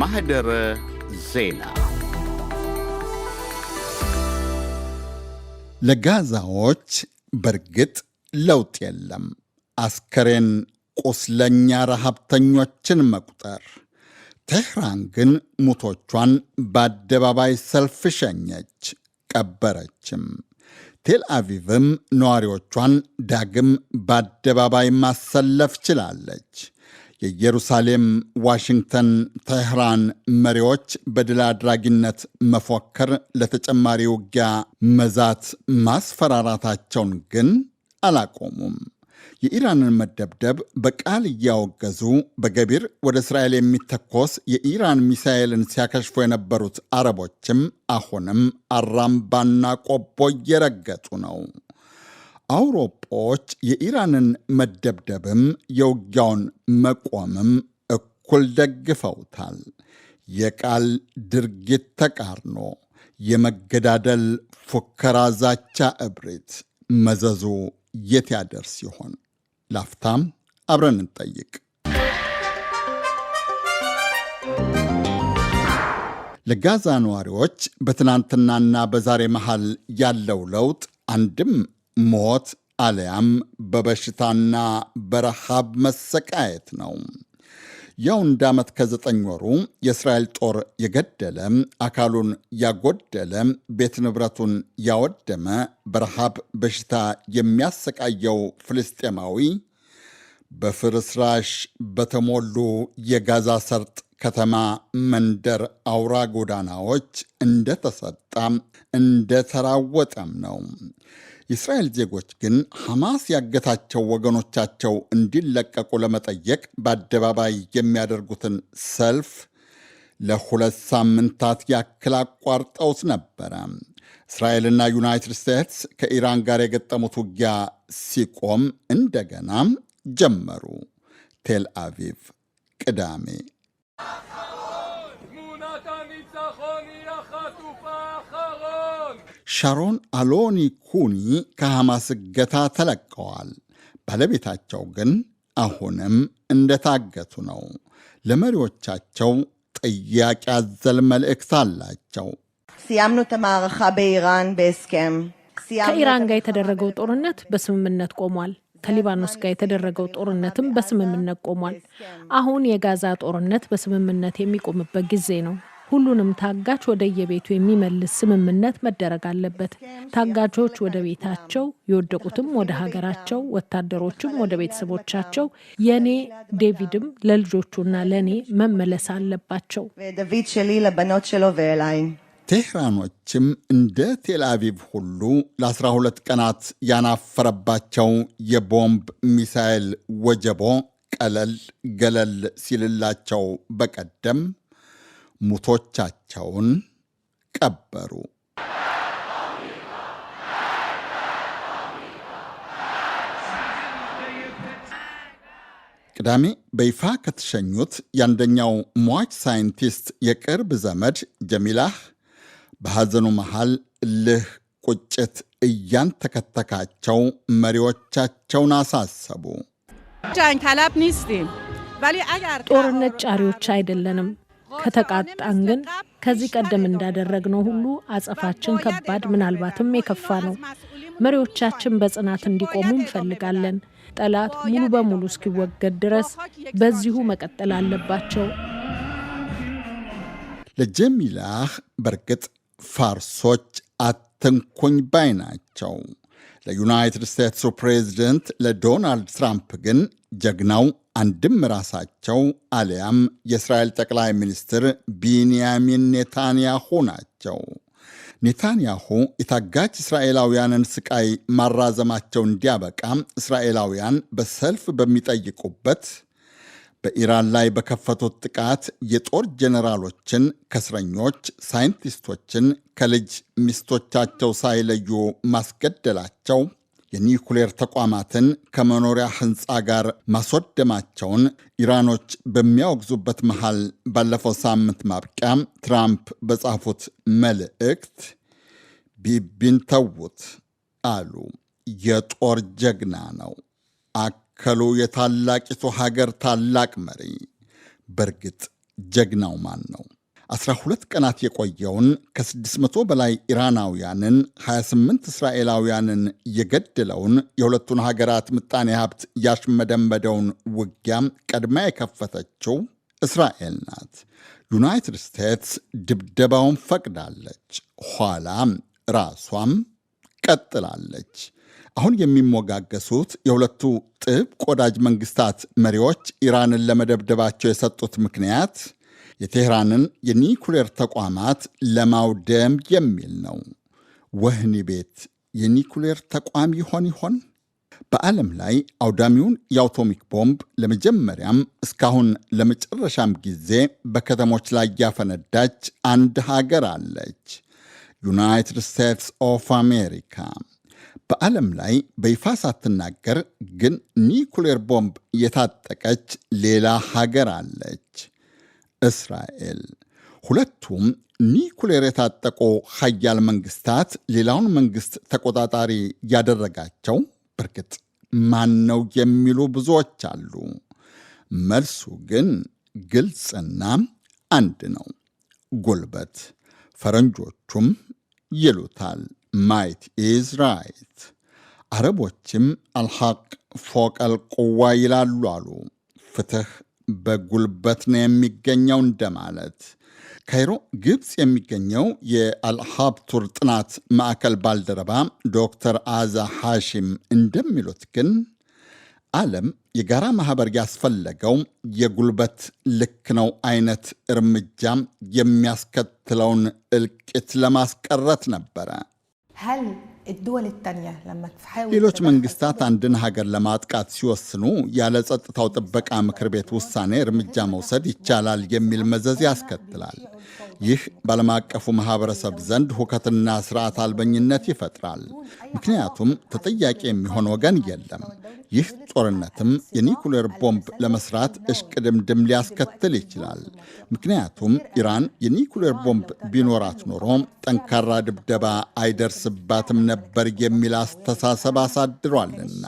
ማህደረ ዜና ለጋዛዎች በርግጥ ለውጥ የለም። አስከሬን ቁስለኛ ረሃብተኞችን መቁጠር። ቴህራን ግን ሙቶቿን በአደባባይ ሰልፍ ሸኘች፣ ቀበረችም። ቴል አቪቭም ነዋሪዎቿን ዳግም በአደባባይ ማሰለፍ ችላለች። የኢየሩሳሌም፣ ዋሽንግተን፣ ተህራን መሪዎች በድል አድራጊነት መፎከር፣ ለተጨማሪ ውጊያ መዛት፣ ማስፈራራታቸውን ግን አላቆሙም። የኢራንን መደብደብ በቃል እያወገዙ በገቢር ወደ እስራኤል የሚተኮስ የኢራን ሚሳኤልን ሲያከሽፉ የነበሩት አረቦችም አሁንም አራምባና ቆቦ እየረገጡ ነው። አውሮጶች የኢራንን መደብደብም የውጊያውን መቆምም እኩል ደግፈውታል። የቃል ድርጊት ተቃርኖ፣ የመገዳደል ፉከራ፣ ዛቻ፣ እብሪት መዘዙ የት ያደርስ ይሆን? ላፍታም አብረን እንጠይቅ። ለጋዛ ነዋሪዎች በትናንትናና በዛሬ መሃል ያለው ለውጥ አንድም ሞት አሊያም በበሽታና በረሃብ መሰቃየት ነው። ያው እንደ ዓመት ከዘጠኝ ወሩ የእስራኤል ጦር የገደለ አካሉን ያጎደለ ቤት ንብረቱን ያወደመ በረሃብ በሽታ የሚያሰቃየው ፍልስጤማዊ በፍርስራሽ በተሞሉ የጋዛ ሰርጥ ከተማ መንደር አውራ ጎዳናዎች እንደተሰጣም እንደተራወጠም ነው። የእስራኤል ዜጎች ግን ሐማስ ያገታቸው ወገኖቻቸው እንዲለቀቁ ለመጠየቅ በአደባባይ የሚያደርጉትን ሰልፍ ለሁለት ሳምንታት ያክል አቋርጠውት ነበረ። እስራኤልና ዩናይትድ ስቴትስ ከኢራን ጋር የገጠሙት ውጊያ ሲቆም እንደገና ጀመሩ። ቴል አቪቭ ቅዳሜ ሻሮን አሎኒ ኩኒ ከሐማስ እገታ ተለቀዋል። ባለቤታቸው ግን አሁንም እንደታገቱ ነው። ለመሪዎቻቸው ጥያቄ አዘል መልእክት አላቸው። በኢራን በስኬም ከኢራን ጋር የተደረገው ጦርነት በስምምነት ቆሟል። ከሊባኖስ ጋር የተደረገው ጦርነትም በስምምነት ቆሟል። አሁን የጋዛ ጦርነት በስምምነት የሚቆምበት ጊዜ ነው። ሁሉንም ታጋች ወደ የቤቱ የሚመልስ ስምምነት መደረግ አለበት። ታጋቾች ወደ ቤታቸው፣ የወደቁትም ወደ ሀገራቸው፣ ወታደሮችም ወደ ቤተሰቦቻቸው፣ የኔ ዴቪድም ለልጆቹና ለእኔ መመለስ አለባቸው። ቴህራኖችም እንደ ቴልአቪቭ ሁሉ ለ12 ቀናት ያናፈረባቸው የቦምብ ሚሳይል ወጀቦ ቀለል ገለል ሲልላቸው በቀደም ሙቶቻቸውን ቀበሩ። ቅዳሜ በይፋ ከተሸኙት የአንደኛው ሟች ሳይንቲስት የቅርብ ዘመድ ጀሚላህ በሐዘኑ መሃል እልህ፣ ቁጭት እያንተከተካቸው መሪዎቻቸውን አሳሰቡ። ጦርነት ጫሪዎች አይደለንም። ከተቃጣን ግን ከዚህ ቀደም እንዳደረግነው ሁሉ አጸፋችን ከባድ፣ ምናልባትም የከፋ ነው። መሪዎቻችን በጽናት እንዲቆሙ እንፈልጋለን። ጠላት ሙሉ በሙሉ እስኪወገድ ድረስ በዚሁ መቀጠል አለባቸው። ለጀሚላህ በእርግጥ ፋርሶች አተንኮኝ ባይ ናቸው። ለዩናይትድ ስቴትሱ ፕሬዚደንት ለዶናልድ ትራምፕ ግን ጀግናው አንድም ራሳቸው አሊያም የእስራኤል ጠቅላይ ሚኒስትር ቢንያሚን ኔታንያሁ ናቸው። ኔታንያሁ የታጋች እስራኤላውያንን ስቃይ ማራዘማቸው እንዲያበቃ እስራኤላውያን በሰልፍ በሚጠይቁበት በኢራን ላይ በከፈቱት ጥቃት የጦር ጀኔራሎችን፣ ከእስረኞች፣ ሳይንቲስቶችን ከልጅ ሚስቶቻቸው ሳይለዩ ማስገደላቸው የኒውክሌር ተቋማትን ከመኖሪያ ህንፃ ጋር ማስወደማቸውን ኢራኖች በሚያወግዙበት መሃል ባለፈው ሳምንት ማብቂያ ትራምፕ በጻፉት መልእክት ቢቢን ተዉት አሉ። የጦር ጀግና ነው አከሉ። የታላቂቱ ሀገር ታላቅ መሪ። በእርግጥ ጀግናው ማን ነው? 12 ቀናት የቆየውን ከ600 በላይ ኢራናውያንን 28 እስራኤላውያንን የገደለውን የሁለቱን ሀገራት ምጣኔ ሀብት ያሽመደመደውን ውጊያም ቀድማ የከፈተችው እስራኤል ናት። ዩናይትድ ስቴትስ ድብደባውን ፈቅዳለች፣ ኋላም ራሷም ቀጥላለች። አሁን የሚሞጋገሱት የሁለቱ ጥብቅ ወዳጅ መንግስታት መሪዎች ኢራንን ለመደብደባቸው የሰጡት ምክንያት የቴህራንን የኒኩሌር ተቋማት ለማውደም የሚል ነው። ወህኒ ቤት የኒኩሌር ተቋም ይሆን ይሆን? በዓለም ላይ አውዳሚውን የአውቶሚክ ቦምብ ለመጀመሪያም እስካሁን ለመጨረሻም ጊዜ በከተሞች ላይ ያፈነዳች አንድ ሀገር አለች፣ ዩናይትድ ስቴትስ ኦፍ አሜሪካ። በዓለም ላይ በይፋ ሳትናገር ግን ኒኩሌር ቦምብ የታጠቀች ሌላ ሀገር አለች። እስራኤል። ሁለቱም ኒኩሌር የታጠቁ ሀያል መንግስታት ሌላውን መንግስት ተቆጣጣሪ ያደረጋቸው በርግጥ ማን ነው የሚሉ ብዙዎች አሉ። መልሱ ግን ግልጽና አንድ ነው። ጉልበት። ፈረንጆቹም ይሉታል ማይት ኢዝ ራይት። አረቦችም አልሐቅ ፎቀል ቁዋ ይላሉ አሉ። ፍትህ በጉልበት ነው የሚገኘው እንደማለት። ካይሮ ግብፅ የሚገኘው የአልሃብቱር ጥናት ማዕከል ባልደረባ ዶክተር አዛ ሐሺም እንደሚሉት ግን ዓለም የጋራ ማህበር ያስፈለገው የጉልበት ልክ ነው አይነት እርምጃ የሚያስከትለውን እልቂት ለማስቀረት ነበረ። ሌሎች መንግስታት አንድን ሀገር ለማጥቃት ሲወስኑ ያለ ጸጥታው ጥበቃ ምክር ቤት ውሳኔ እርምጃ መውሰድ ይቻላል የሚል መዘዝ ያስከትላል። ይህ በዓለም አቀፉ ማህበረሰብ ዘንድ ሁከትና ስርዓት አልበኝነት ይፈጥራል። ምክንያቱም ተጠያቂ የሚሆን ወገን የለም። ይህ ጦርነትም የኒኩሌር ቦምብ ለመስራት እሽቅድምድም ሊያስከትል ይችላል። ምክንያቱም ኢራን የኒኩሌር ቦምብ ቢኖራት ኖሮ ጠንካራ ድብደባ አይደርስባትም ነበር የሚል አስተሳሰብ አሳድሯልና።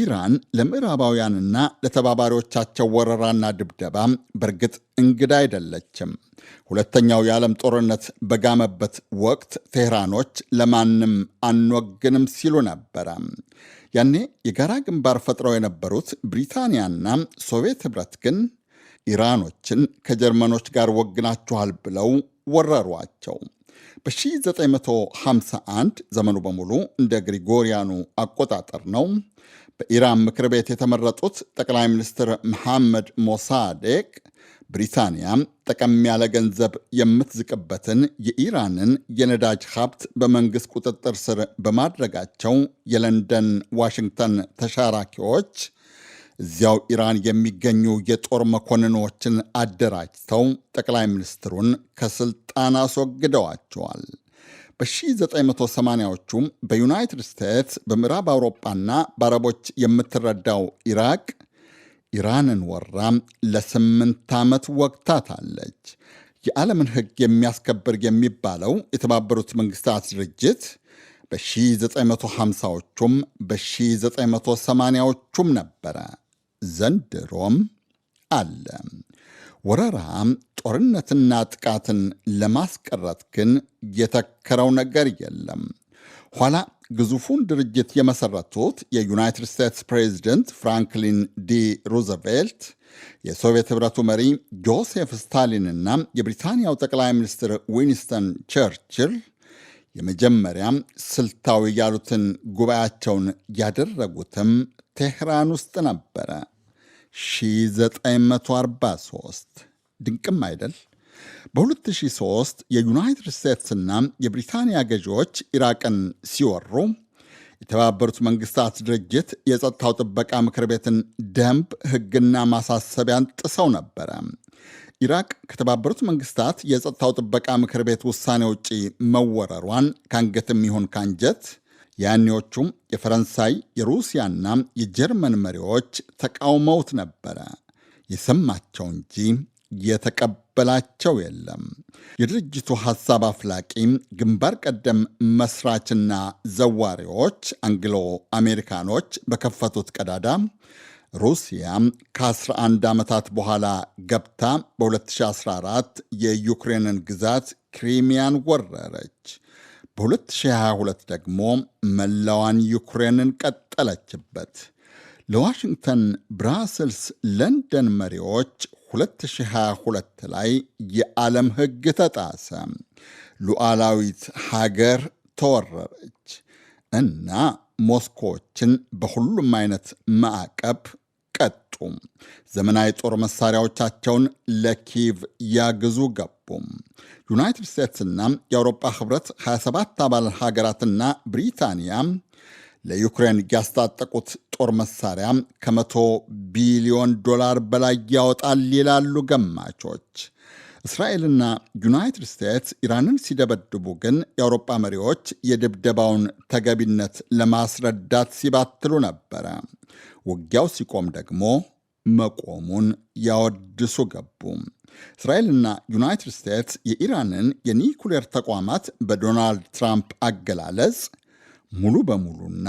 ኢራን ለምዕራባውያንና ለተባባሪዎቻቸው ወረራና ድብደባ በእርግጥ እንግዳ አይደለችም። ሁለተኛው የዓለም ጦርነት በጋመበት ወቅት ቴህራኖች ለማንም አንወግንም ሲሉ ነበረ። ያኔ የጋራ ግንባር ፈጥረው የነበሩት ብሪታንያና ሶቪየት ኅብረት ግን ኢራኖችን ከጀርመኖች ጋር ወግናችኋል ብለው ወረሯቸው። በ1951 ዘመኑ በሙሉ እንደ ግሪጎሪያኑ አቆጣጠር ነው። በኢራን ምክር ቤት የተመረጡት ጠቅላይ ሚኒስትር መሐመድ ሞሳዴቅ ብሪታንያ ጠቀም ያለ ገንዘብ የምትዝቅበትን የኢራንን የነዳጅ ሀብት በመንግሥት ቁጥጥር ስር በማድረጋቸው የለንደን ዋሽንግተን ተሻራኪዎች እዚያው ኢራን የሚገኙ የጦር መኮንኖችን አደራጅተው ጠቅላይ ሚኒስትሩን ከስልጣን አስወግደዋቸዋል። በ1980ዎቹ በዩናይትድ ስቴትስ በምዕራብ አውሮጳና በአረቦች የምትረዳው ኢራቅ ኢራንን ወራ ለስምንት ዓመት ወቅታታለች። የዓለምን ሕግ የሚያስከብር የሚባለው የተባበሩት መንግስታት ድርጅት በ1950ዎቹም በ1980ዎቹም ነበረ። ዘንድሮም አለ። ወረራ፣ ጦርነትና ጥቃትን ለማስቀረት ግን የተከረው ነገር የለም። ኋላ ግዙፉን ድርጅት የመሰረቱት የዩናይትድ ስቴትስ ፕሬዚደንት ፍራንክሊን ዲ ሩዘቬልት የሶቪየት ኅብረቱ መሪ ጆሴፍ ስታሊንና የብሪታንያው ጠቅላይ ሚኒስትር ዊንስተን ቸርችል የመጀመሪያም ስልታዊ ያሉትን ጉባኤያቸውን ያደረጉትም ቴህራን ውስጥ ነበረ 1943። ድንቅም አይደል? በ2003 የዩናይትድ ስቴትስና የብሪታንያ ገዢዎች ኢራቅን ሲወሩ የተባበሩት መንግስታት ድርጅት የጸጥታው ጥበቃ ምክር ቤትን ደንብ ሕግና ማሳሰቢያን ጥሰው ነበረ። ኢራቅ ከተባበሩት መንግስታት የጸጥታው ጥበቃ ምክር ቤት ውሳኔ ውጪ መወረሯን ከአንገትም ይሁን ካንጀት ያኔዎቹም የፈረንሳይ የሩሲያና የጀርመን መሪዎች ተቃውመውት ነበረ። የሰማቸው እንጂ የተቀበ ያላበላቸው የለም። የድርጅቱ ሐሳብ አፍላቂ ግንባር ቀደም መስራችና ዘዋሪዎች አንግሎ አሜሪካኖች በከፈቱት ቀዳዳ ሩሲያ ከ11 ዓመታት በኋላ ገብታ በ2014 የዩክሬንን ግዛት ክሪሚያን ወረረች። በ2022 ደግሞ መላዋን ዩክሬንን ቀጠለችበት። ለዋሽንግተን፣ ብራስልስ፣ ለንደን መሪዎች 2022 ላይ የዓለም ሕግ ተጣሰ። ሉዓላዊት ሀገር ተወረረች እና ሞስኮዎችን በሁሉም አይነት ማዕቀብ ቀጡ። ዘመናዊ ጦር መሳሪያዎቻቸውን ለኪቭ ያግዙ ገቡ። ዩናይትድ ስቴትስና የአውሮፓ ህብረት 27 አባል ሀገራትና ብሪታንያ ለዩክሬን ያስታጠቁት ጦር መሳሪያ ከመቶ ቢሊዮን ዶላር በላይ ያወጣል ይላሉ ገማቾች። እስራኤልና ዩናይትድ ስቴትስ ኢራንን ሲደበድቡ ግን የአውሮጳ መሪዎች የድብደባውን ተገቢነት ለማስረዳት ሲባትሉ ነበረ። ውጊያው ሲቆም ደግሞ መቆሙን ያወድሱ ገቡ። እስራኤልና ዩናይትድ ስቴትስ የኢራንን የኒኩሌር ተቋማት በዶናልድ ትራምፕ አገላለጽ ሙሉ በሙሉና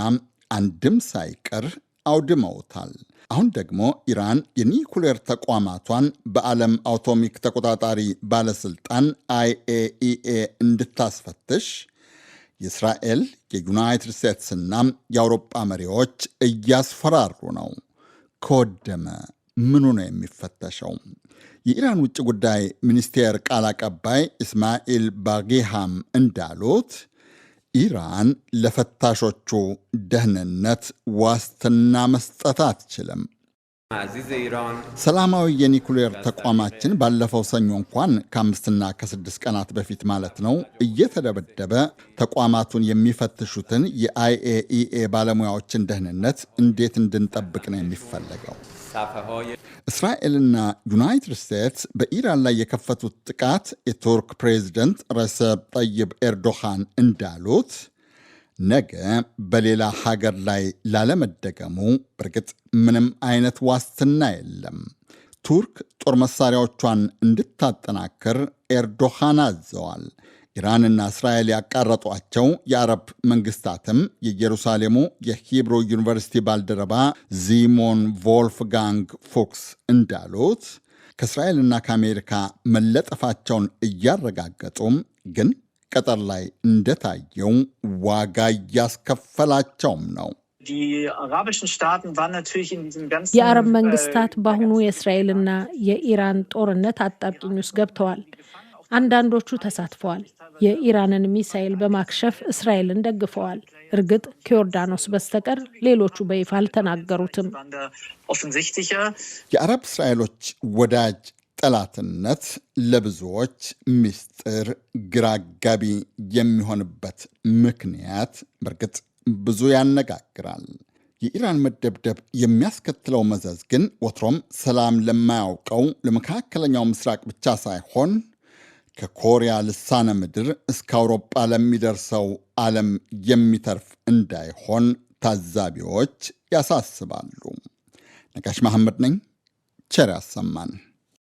አንድም ሳይቀር አውድመውታል። አሁን ደግሞ ኢራን የኒኩሌር ተቋማቷን በዓለም አቶሚክ ተቆጣጣሪ ባለስልጣን አይኤኢኤ እንድታስፈትሽ የእስራኤል የዩናይትድ ስቴትስና የአውሮጳ መሪዎች እያስፈራሩ ነው። ከወደመ ምኑ ነው የሚፈተሸው? የኢራን ውጭ ጉዳይ ሚኒስቴር ቃል አቀባይ እስማኤል ባጌሃም እንዳሉት ኢራን ለፈታሾቹ ደህንነት ዋስትና መስጠት አትችልም። ሰላማዊ የኒኩሌር ተቋማችን ባለፈው ሰኞ እንኳን ከአምስትና ከስድስት ቀናት በፊት ማለት ነው እየተደበደበ ተቋማቱን የሚፈትሹትን የአይኤኢኤ ባለሙያዎችን ደህንነት እንዴት እንድንጠብቅ ነው የሚፈለገው? እስራኤልና ዩናይትድ ስቴትስ በኢራን ላይ የከፈቱት ጥቃት የቱርክ ፕሬዚደንት ረሰብ ጠይብ ኤርዶሃን እንዳሉት ነገ በሌላ ሀገር ላይ ላለመደገሙ በእርግጥ ምንም አይነት ዋስትና የለም። ቱርክ ጦር መሳሪያዎቿን እንድታጠናክር ኤርዶሃን አዘዋል። ኢራንና እስራኤል ያቃረጧቸው የአረብ መንግስታትም የኢየሩሳሌሙ የሂብሮ ዩኒቨርሲቲ ባልደረባ ዚሞን ቮልፍጋንግ ፎክስ እንዳሉት ከእስራኤልና ከአሜሪካ መለጠፋቸውን እያረጋገጡም ግን ቅጥር ላይ እንደታየው ዋጋ እያስከፈላቸውም ነው። የአረብ መንግስታት በአሁኑ የእስራኤልና የኢራን ጦርነት አጣብቂኝ ውስጥ ገብተዋል። አንዳንዶቹ ተሳትፈዋል። የኢራንን ሚሳኤል በማክሸፍ እስራኤልን ደግፈዋል። እርግጥ ከዮርዳኖስ በስተቀር ሌሎቹ በይፋ አልተናገሩትም። የአረብ እስራኤሎች ወዳጅ ጠላትነት ለብዙዎች ምስጢር ግራጋቢ የሚሆንበት ምክንያት በእርግጥ ብዙ ያነጋግራል። የኢራን መደብደብ የሚያስከትለው መዘዝ ግን ወትሮም ሰላም ለማያውቀው ለመካከለኛው ምስራቅ ብቻ ሳይሆን ከኮሪያ ልሳነ ምድር እስከ አውሮጳ ለሚደርሰው ዓለም የሚተርፍ እንዳይሆን ታዛቢዎች ያሳስባሉ። ነጋሽ መሐመድ ነኝ። ቸር ያሰማን።